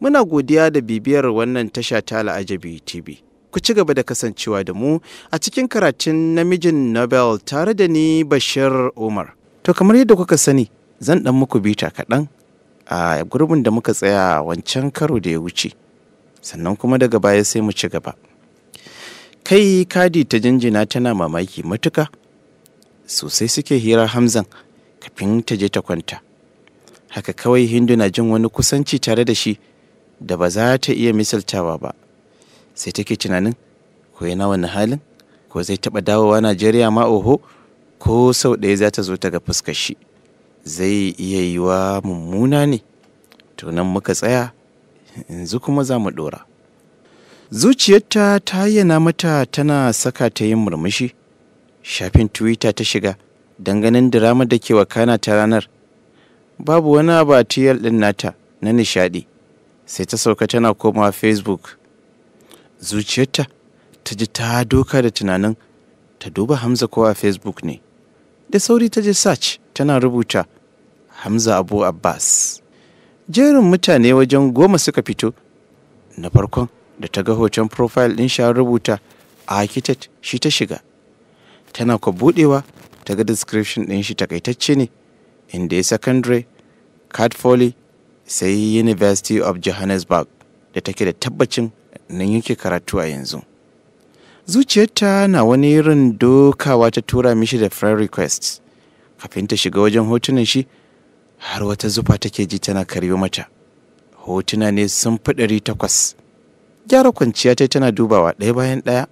Muna godiya da bibiyar wannan tasha ta Al'ajabi TV. Ku ci gaba da kasancewa da mu a cikin karatun namijin Nobel tare da ni Bashir Umar. To kamar yadda kuka sani, zan ɗan muku bita kaɗan a gurbin da muka tsaya wancan karo da ya wuce. Sannan kuma daga baya sai mu ci gaba. Kai kadi ta jinjina tana mamaki matuka. Sosai suke hira Hamzan kafin ta je ta kwanta. Haka kawai Hindu na jin wani kusanci tare da shi. da ba za ta iya misaltawa ba sai take tunanin ko yana wani halin ko zai taɓa dawowa najeriya ma oho ko sau ɗaya za ta zo ta ga fuskar shi zai iya yi wa mummuna ne to muka tsaya yanzu kuma za mu ɗora zuciyarta ta yana mata tana saka ta yin murmushi shafin twitter ta shiga danganin diramar da ke wakana ta ranar babu wani abatiyar ɗin nata na nishaɗi sai ta sauka tana komawa facebook zuciyarta ta ji ta doka da tunanin ta duba hamza ko a facebook ne da sauri ta ji search tana rubuta hamza abu abbas jerin mutane wajen goma suka fito na farkon da ta ga hoton profile din sha rubuta a architect shi ta shiga tana kwa budewa ta ga description ɗin shi takaitacce ne inda ya secondary card foley sai University of Johannesburg da take da tabbacin nan yake karatu a yanzu. Zuciyarta na wani irin dokawa ta tura mishi da friend request kafin ta shiga wajen hotunan shi har wata zufa take ji tana karyo mata. Hotuna ne sun fi ɗari takwas. Gyara kwanciya ta tana dubawa ɗaya bayan ɗaya.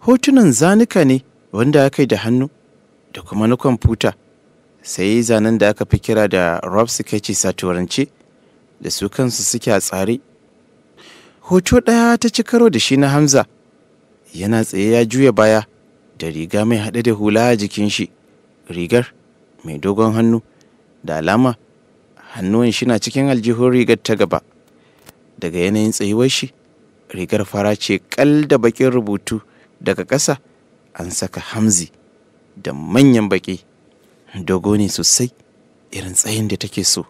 Hotunan zanuka ne wanda aka yi da hannu da kuma na kwamfuta. sai zanen da aka fi kira da rob sketchy a turance da su kansu suke a tsare hoto ɗaya ta ci karo da shi na hamza yana tsaye ya juya baya da riga mai haɗe da hula a jikin shi rigar mai dogon hannu da alama hannuwan shi na cikin aljihun rigar ta gaba daga yanayin tsayuwar shi rigar fara ce kal da bakin rubutu daga ƙasa an saka hamzi da manyan baki. dogo ne sosai irin tsayin da take so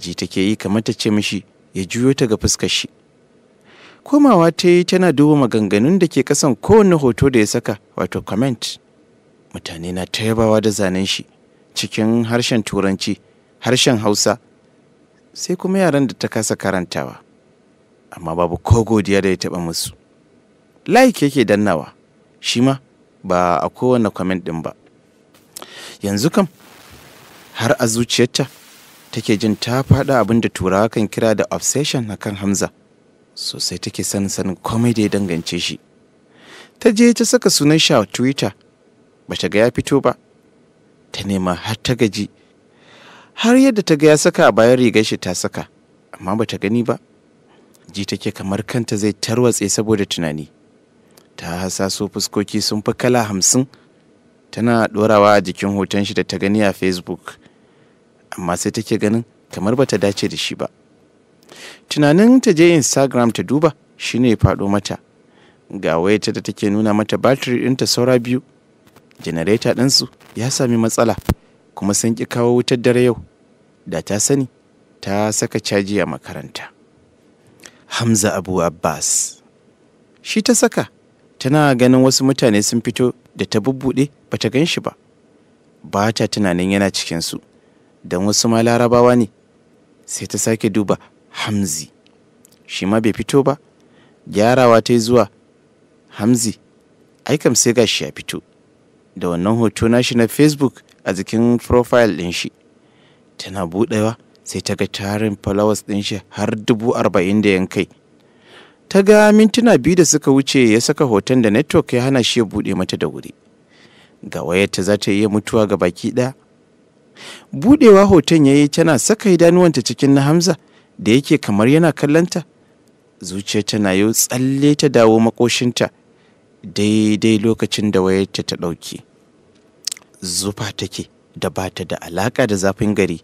ji take yi kamar ta ce mishi ya juyo ta ga fuskar shi komawa ta yi tana duba maganganun da ke kasan kowane hoto da ya saka wato comment mutane na ta yabawa da zanen shi cikin harshen turanci harshen hausa sai kuma yaran da ta kasa karantawa amma babu ko godiya da ya taɓa musu like yake dannawa shi ma ba a kowane comment ɗin ba yanzu kam har a zuciyarta take jin ta faɗa abin da turawa kan kira da obsession na kan hamza sosai take sanin sanin komai da ya dangance shi ta je ta saka sunan shi a twitter ba ta ga ya fito ba ta nema har ta gaji har yadda ta ga ya saka a bayan rigar shi ta saka amma ba ta gani ba ji take kamar kanta zai tarwatse saboda tunani ta hasaso fuskoki sun fi kala hamsin tana ɗorawa a jikin hoton shi da ta gani a facebook amma sai take ganin kamar bata dace da shi ba tunanin ta je instagram ta duba shine ya faɗo mata ga wayarta da take nuna mata batiri ta saura biyu janareta ɗinsu ya sami matsala kuma sun ƙi kawo wutar dare yau da ta sani ta saka caji a makaranta hamza abu abbas shi ta saka tana ganin wasu mutane sun fito da ta bubbuɗe ba ta gan shi ba ba ta tunanin yana cikinsu don wasu ma larabawa ne sai ta sake duba hamzi shi ma bai fito ba gyarawa ta yi zuwa hamzi ai kam sai gashi ya fito da wannan hoto nashi na facebook a jikin profile ɗin shi tana buɗewa sai ta ga tarin followers ɗin shi har dubu arba'in da yankai ta ga mintuna biyu da suka wuce ya saka hoton da network ya hana shi ya buɗe mata da wuri ga wayarta za ta iya mutuwa ga baki ɗaya buɗewa hoton ya yi tana saka idanuwanta cikin na hamza da yake kamar yana kallanta zuciya tana yau tsalle ta dawo makoshinta daidai lokacin da wayarta ta ɗauki zufa take da ba ta da alaƙa da zafin gari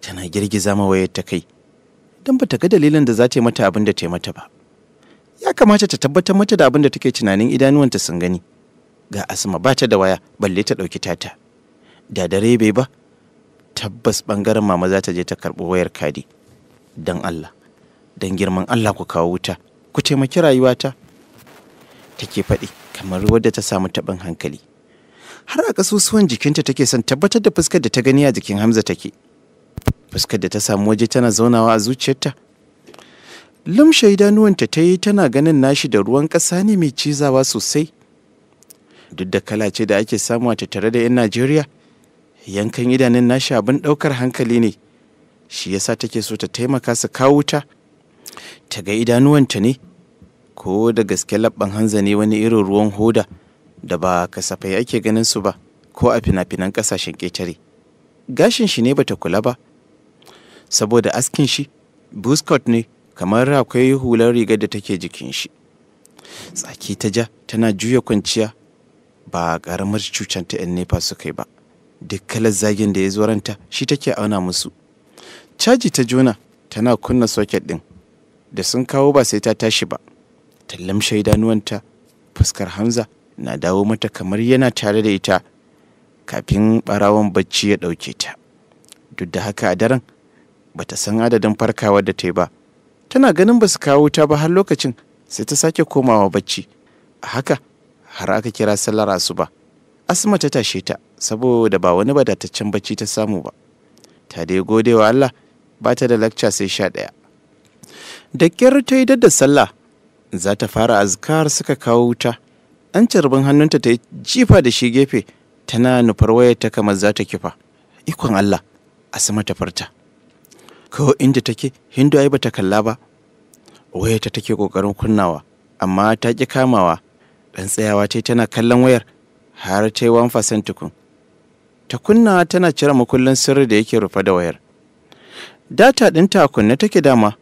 tana girgiza ma wayarta kai don ba ta ga dalilin da za ta yi mata abin da ta yi mata ba ya kamata ta tabbatar mata da abin da take tunanin idanuwanta sun gani ga asma ba ta da waya balle ta ɗauki tata da dare bai ba tabbas ɓangaren mama za ta je ta karɓo wayar kadi don allah don girman allah ku kawo wuta ku taimaki rayuwata take faɗi kamar ruwa da ta samu taɓin hankali har a ƙasusuwan jikinta take son tabbatar da fuskar da ta gani a jikin hamza take fuskar da ta samu waje tana zaunawa a zuciyarta lamshe idanuwanta ta yi tana ganin nashi da ruwan ƙasa ne mai cizawa sosai duk da kalace da ake samu a tattare da 'yan najeriya yankan idanun nashi abin ɗaukar hankali ne shi yasa take so ta taimaka su kawo ta ta ga idanuwanta ne ko da gaske labban hanza ne wani irin ruwan hoda da ba kasafai ake ganin su ba ko a fina-finan ƙasashen ƙetare gashin shi ne bata kula ba saboda askin shi buskot ne kamar akwai hular rigar da take jikin shi tsaki ta ja tana juya kwanciya ba ƙaramar cucanta 'yan nefa suka yi ba duk kalar zagin da ya zo ranta shi take auna musu caji ta juna tana kunna soket ɗin da sun kawo ba sai ta tashi ba ta lamshe idanuwanta fuskar hamza na dawo mata kamar yana tare da ita kafin barawon bacci ya ɗauke ta duk da haka a daren bata san adadin farkawa da ta yi ba tana ganin ba su kawo ta ba har lokacin sai ta sake komawa bacci a haka har aka kira sallar asuba asma ta tashe ta saboda ba wani badataccen bacci ta samu ba ta dai gode wa allah ba ta da lakca sai sha ɗaya da kyar ta yi dadda sallah za ta fara azkar suka kawo wuta an carbin hannunta ta yi jifa da shi gefe tana nufar wayar ta kamar za ta kifa ikon allah asma ta farta ko inda take hindu ai bata kalla ba Wayarta take kokarin kunnawa amma ta ki kamawa dan tsayawa ce tana kallon wayar har ta yi wan tukun ta kunna tana cire makullin sirri da yake rufe da wayar data ɗinta ta kunne take dama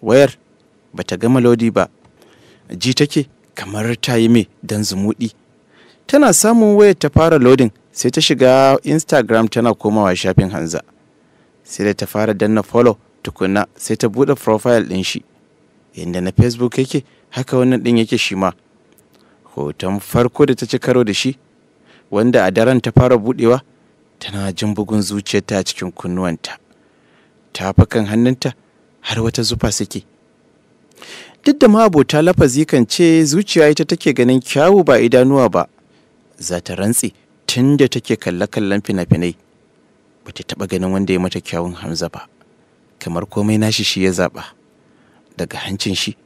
wayar bata gama lodi ba ji take kamar ta yi me dan zumuɗi tana samun wayar ta fara lodin sai ta shiga instagram tana komawa shafin hanza sai da ta fara danna follow tukuna sai ta buɗe profile din shi inda na facebook yake haka wannan ɗin yake shi ma hoton farko da ta ci karo da shi wanda a daren ta fara buɗewa tana jin bugun zuciyarta a cikin kunnuwanta ta tafakan hannunta har wata zufa suke duk da ma abota lafazi kan ce zuciya ita take ganin kyawu ba idanuwa ba za ta rantse tun da take kalle-kallen fina-finai Bata ta taɓa ganin wanda ya mata kyawun hamza ba kamar komai nashi shi ya zaɓa daga hancin shi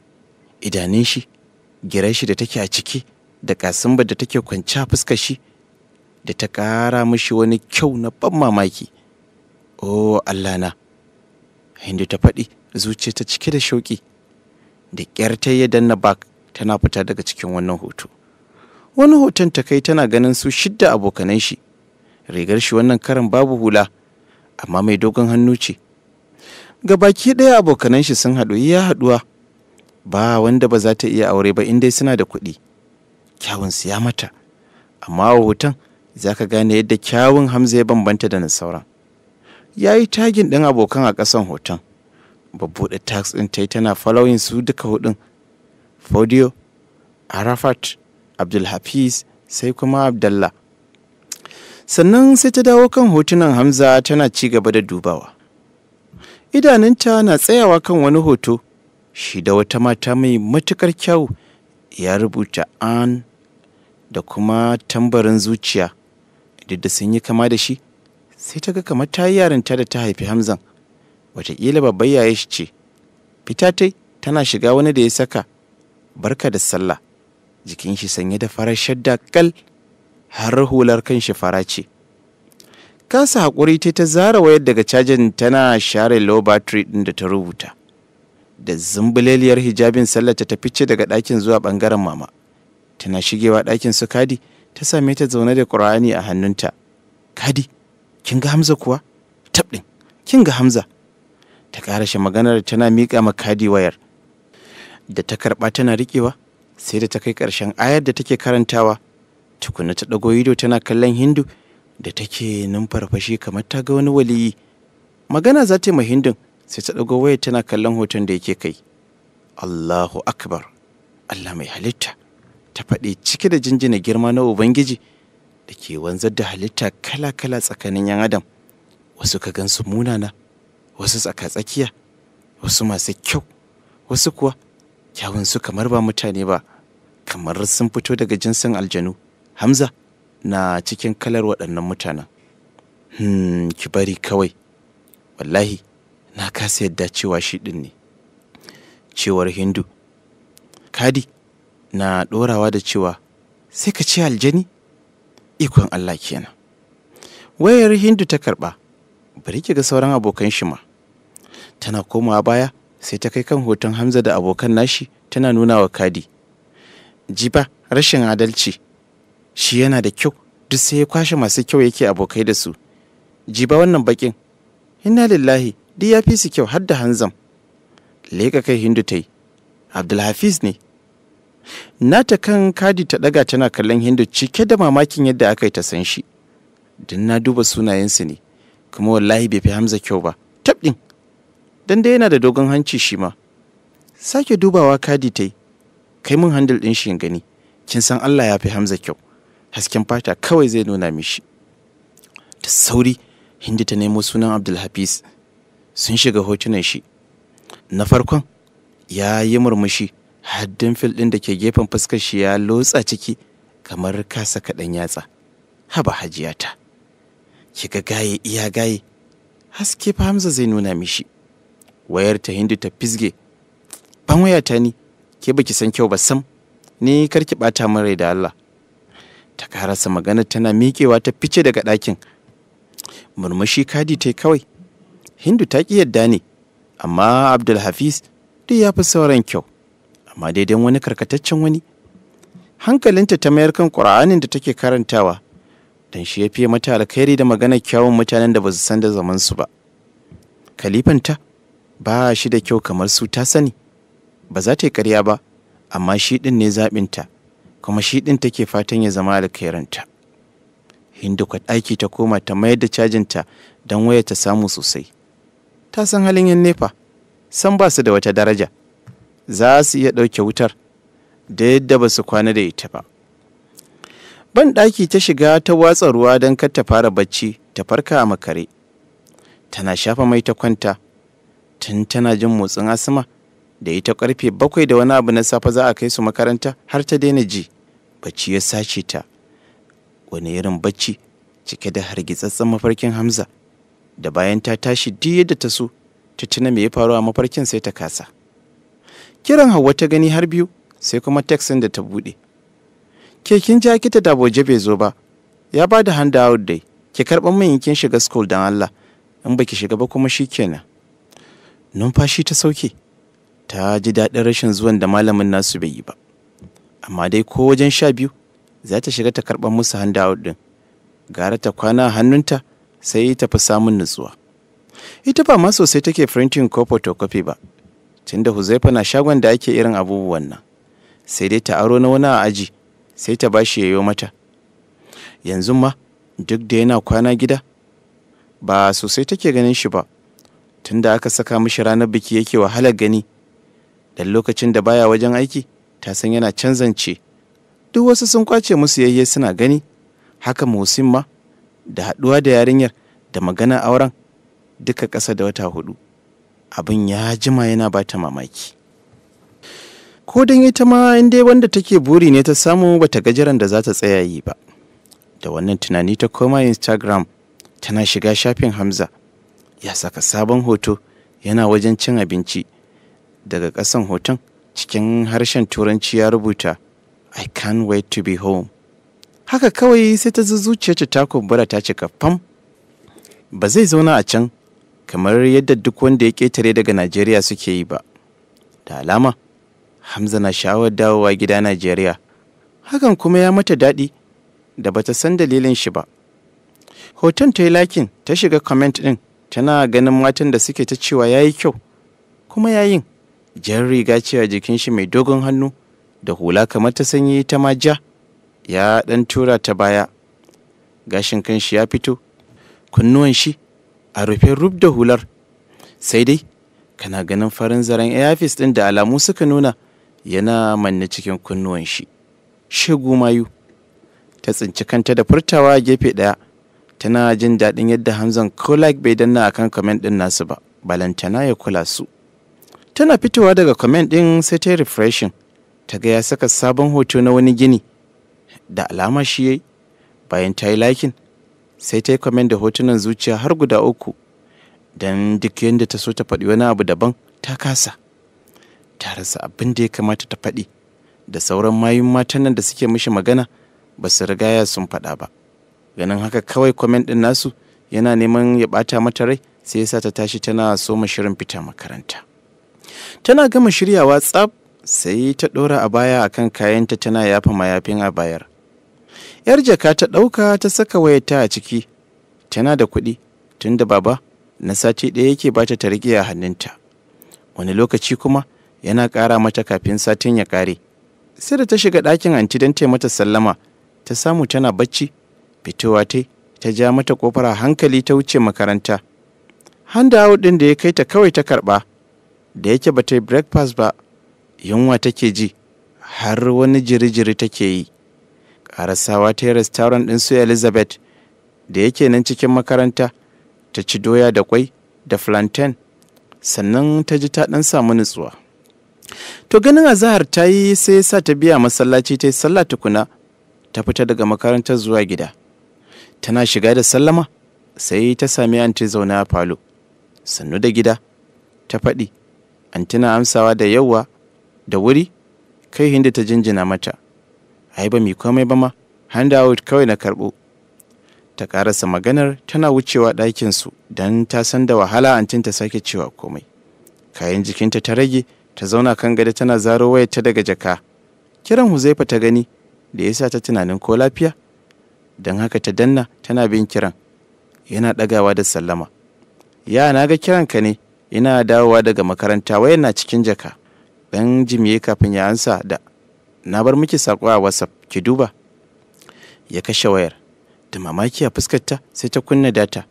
idanun shi girar shi da take a ciki da kasimbar da take kwanci a fuskar shi da ta ƙara mishi wani kyau na ban mamaki o allah na hindu ta faɗi zuciya ta cike da shauƙi da ƙyar ta yi danna bak tana fita daga cikin wannan hoto wani hoton ta kai tana ganin su shidda abokanan shi rigar shi wannan karin babu hula amma mai dogon hannu ce ga baki ɗaya abokanan shi sun haɗu ya haɗuwa ba wanda ba za ta iya aure ba in dai suna da kuɗi kyawunsu ya mata amma a hoton za ka gane yadda kyawun hamza ya bambanta da na sauran ya yi tagin ɗin abokan a ƙasan hoton babbuɗe tax ɗin ta yi tana following su duka hudun fodio arafat abdulhafiz sai kuma abdallah sannan sai ta dawo kan hotunan hamza tana ci gaba da dubawa idanunta na tsayawa kan wani hoto shi da wata mata mai matukar kyau ya rubuta an da kuma tambarin zuciya duk da sun yi kama da shi sai ta ga kamar ta yi yarinta da ta haifi hamzan wataƙila babbar yaya shi ce fita tai tana shiga wani da ya saka barka da sallah jikin shi sanye da farar shadda kal har hular kan shi fara ce kasa haƙuri ta ta zara wayar daga cajin tana share low battery ɗin da ta rubuta da zumbuleliyar hijabin sallah ta fice daga ɗakin zuwa ɓangaren mama tana shigewa ɗakin su kadi ta same ta zaune da ƙur'ani a hannunta kadi kin ga hamza kuwa Tabɗin, ɗin kin ga hamza ta ƙarashe maganar tana miƙa ma kadi wayar da ta karɓa tana riƙewa sai da ta kai ƙarshen ayar da take karantawa Tukuna ta ɗago ido tana kallon Hindu da take numfarfashi kamar ta ga wani waliyi. Magana za ta yi ma Hindun sai ta ɗago waya tana kallon hoton da yake kai. Allahu Akbar, Allah mai halitta, ta faɗi cike da jinjina girma na Ubangiji da ke wanzar da halitta kala-kala tsakanin 'yan Adam. Wasu ka gansu munana, wasu tsaka-tsakiya, wasu masu kyau, wasu kuwa kyawunsu kamar ba mutane ba, kamar sun fito daga jinsin aljanu. Hamza na cikin kalar waɗannan mutanen. Hmm, ki bari kawai, wallahi na kasa yadda cewa shi ɗin ne. Cewar Hindu, Kadi na ɗorawa da cewa sai ka ce aljani? Ikon Allah kenan. Wayar Hindu ta karɓa, bari ki ga sauran abokan shi ma. Tana komawa baya sai ta kai kan hoton Hamza da abokan nashi tana nuna wa Kadi. Jiba rashin adalci. shi yana da kyau duk sai ya kwashe masu kyau yake abokai da su Ji ba wannan bakin inna lillahi duk ya fi su kyau har da hanzam leka kai hindu ta yi abdulhafiz ne nata kan kadi ta daga tana kallon hindu cike da mamakin yadda aka yi ta san shi don na duba sunayensu ne kuma wallahi bai fi hamza kyau ba tab ɗin don dai yana da dogon hanci shi ma sake dubawa kadi ta yi kai mun handil ɗin shi gani kin san allah ya fi hamza kyau hasken fata kawai zai nuna mishi da sauri hindi ta nemo sunan abdulhafiz sun shiga hotunan shi na farkon ya yi murmushi haddin fil ɗin da ke gefen fuskar shi ya lotsa ciki kamar kasa kaɗan yatsa haba hajiyata ki ga gaye iya gaye haske fa hamza zai nuna mishi wayar ta hindi ta fisge ban waya ta ni ke baki san kyau ba sam ni karki bata min rai da Allah ta karasa magana tana miƙewa ta fice daga ɗakin murmushi kadi ta kawai hindu ta ƙi yadda ne amma abdulhafiz duk ya fi sauran kyau amma daidai wani karkataccen wani hankalinta ta mayar kan ƙura'anin da take karantawa don shi ya fiye mata alkhairi da maganar kyawun mutanen da ba su san da zamansu ba kalifanta ba shi da kyau kamar su ta sani ba za ta yi karya ba amma shi ɗin ne zaɓinta kuma shi ɗin take fatan ya zama alkhairanta hindu kwa aiki ta koma ta mayar da cajinta don waya ta samu sosai ta san halin yan nefa san ba su da wata daraja za su iya ɗauke wutar da yadda ba su kwana da ita ba ban ɗaki ta shiga ta watsa ruwa don kar ta fara bacci ta farka a makare tana shafa mai ta kwanta tun tana jin motsin asma da ita karfe bakwai da wani abu na safe za a kai su makaranta har ta daina ji bacci ya sace ta wani irin bacci cike da hargitsatsen mafarkin hamza da bayan ta tashi duk da ta so ta tuna me ya faru a mafarkin sai ta kasa kiran hawa ta gani har biyu sai kuma taxin da ta bude. kekin ja kita da boje bai zo ba ya ba da handout dai ki karban min kin shiga school don allah in baki shiga ba kuma shikenan numfashi ta sauke ta ji daɗin rashin zuwan da malamin nasu bai yi ba amma dai ko wajen sha biyu za ta shiga ta karɓar musu handout ɗin gara ta kwana hannunta sai ta fi samun nutsuwa ita ba ma sosai take printing ko photocopy ba tunda huzaifa na shagon da ake irin abubuwan nan sai dai ta aro na wani a aji sai ta bashi yayo mata yanzu ma duk da yana kwana gida ba sosai take ganin shi ba tunda aka saka mishi ranar biki yake wahalar gani dan lokacin da baya wajen aiki ta san yana canzance duk wasu sun kwace musu yayye suna gani haka musim ma da haɗuwa da yarinyar da magana auren duka ƙasa da wata hudu abin ya jima yana ba ta mamaki ko don ita ma in da wanda take buri ne ta samu bata gajiran da za ta tsaya yi ba da wannan tunani ta koma instagram tana shiga shafin hamza ya saka sabon hoto yana wajen cin abinci daga ƙasan hoton cikin harshen turanci ya rubuta I can't wait to be home. Haka kawai sai ta zuciyarta ta kumbura ta cika fam. Ba zai zauna a can kamar yadda duk wanda ya ƙetare daga Najeriya suke yi ba. Da alama, Hamza na sha'awar dawowa gida Najeriya. Hakan kuma ya mata daɗi da bata san dalilin shi ba. Hoton ta yi lakin ta shiga comment ɗin tana ganin matan da suke ta cewa ya yi kyau, kuma yayin. jan riga cewa jikin shi mai dogon hannu da hula kamar ta sanyi ta maja ya ɗan tura ta baya gashin kan shi ya fito kunnuwan shi a rufe rub da hular sai dai kana ganin farin zaren airfis ɗin da alamu suka nuna yana manne cikin kunnuwan shi shegu mayu ta tsinci kanta da furtawa a gefe ɗaya tana jin daɗin yadda hamzan kolak bai danna akan kamen ɗin nasu ba balantana ya kula su tana fitowa daga comment din sai ta refreshing ta ga ya saka sabon hoto na wani gini da alama shi yayi bayan ta yi likin sai ta yi comment da hotunan zuciya har guda uku don duk yadda ta so ta faɗi wani abu daban ta kasa ta rasa abin da ya kamata ta faɗi da sauran mayun matan nan da suke mishi magana ba su rigaya sun faɗa ba ganin haka kawai comment din nasu yana neman ya ɓata mata rai sai ya sa ta tashi tana so shirin fita makaranta tana gama shiryawa tsab sai ta ɗora a baya akan kayanta tana yafa mayafin a bayar yar jaka ta ɗauka ta saka wayata a ciki tana da kuɗi tun da baba na sati ɗaya yake bata ta riƙe a hannunta wani lokaci kuma yana ƙara mata kafin satin ya ƙare sai da ta shiga ɗakin anti don ta mata sallama ta samu tana bacci fitowa ta ta ja mata kofar hankali ta wuce makaranta handa ɗin da ya kai ta kawai ta karɓa da yake ba ta yi breakfast ba yunwa take ji har wani jiri-jiri take yi ƙarasawa ta yi restaurant din su elizabeth da yake nan cikin makaranta ta ci doya da kwai da plantain sannan ta ji ta ɗan samu nutsuwa to ganin azahar ta yi sai sa ta biya masallaci ta yi sallah tukuna ta fita daga makarantar zuwa gida tana shiga da sallama sai ta sami anti zaune a falo sannu da gida ta faɗi anti na amsawa da yawa da wuri kai hindi ta jinjina mata ai ba mi komai ba ma handout kawai na karɓo ta karasa maganar tana wucewa ɗakin su don ta san da wahala antin ta sake cewa komai kayan jikinta ta rage ta zauna kan gada tana zaro wayar ta daga jaka kiran huzaifa ta gani da yasa ta tunanin ko lafiya don haka ta danna tana bin kiran yana ɗagawa da sallama ya na ga kiranka ne ina dawowa daga makaranta waya na cikin jaka dan jimiye kafin ya ansa da na bar miki sako a whatsapp ki duba ya kashe wayar da mamaki a fuskarta sai ta kunna data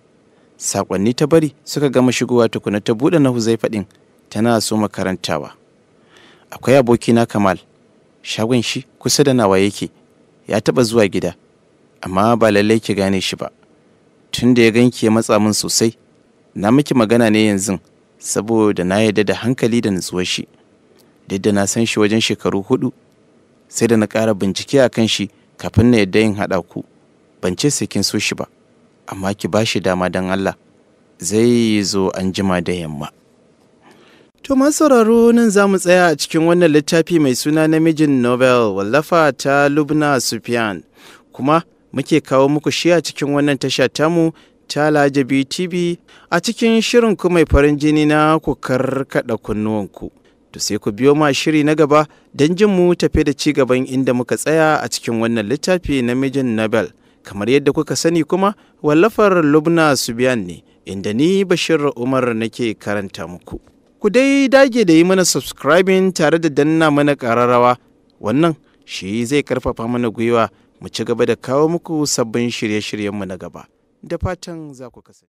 sakonni ta bari suka gama shigowa tukuna ta buɗe na huzai faɗin tana so makarantawa akwai abokina kamal shagon shi kusa da nawa yake ya taɓa zuwa gida amma ba lallai ki gane shi ba tun da ya ganki ya matsa min sosai na miki magana ne yanzu saboda na yarda da hankali da nutsuwar shi duk da na san shi wajen shekaru hudu sai da na ƙara bincike a kan shi kafin na yarda yin haɗa ku ban ce sai kin so shi ba amma ki ba shi dama don Allah zai zo an jima da yamma To sauraro nan za mu tsaya a cikin wannan littafi mai suna namijin Nobel wallafa ta Lubna Sufyan kuma muke kawo muku shi a cikin wannan tasha tamu Chala Jabi TV a cikin shirin ku mai farin jini na ku karkada kunnuwanku. To sai ku biyo ma shiri na gaba don jin mu tafe da ci gaban inda muka tsaya a cikin wannan littafi na mijin Nobel. Kamar yadda kuka sani kuma wallafar Lubna Subiyan ne inda ni Bashir Umar nake karanta muku. Ku dai dage da yi mana subscribing tare da danna mana ƙararrawa. Wannan shi zai karfafa mana gwiwa mu ci gaba da kawo muku sabbin shirye-shiryenmu na gaba. da fatan za ku kasance.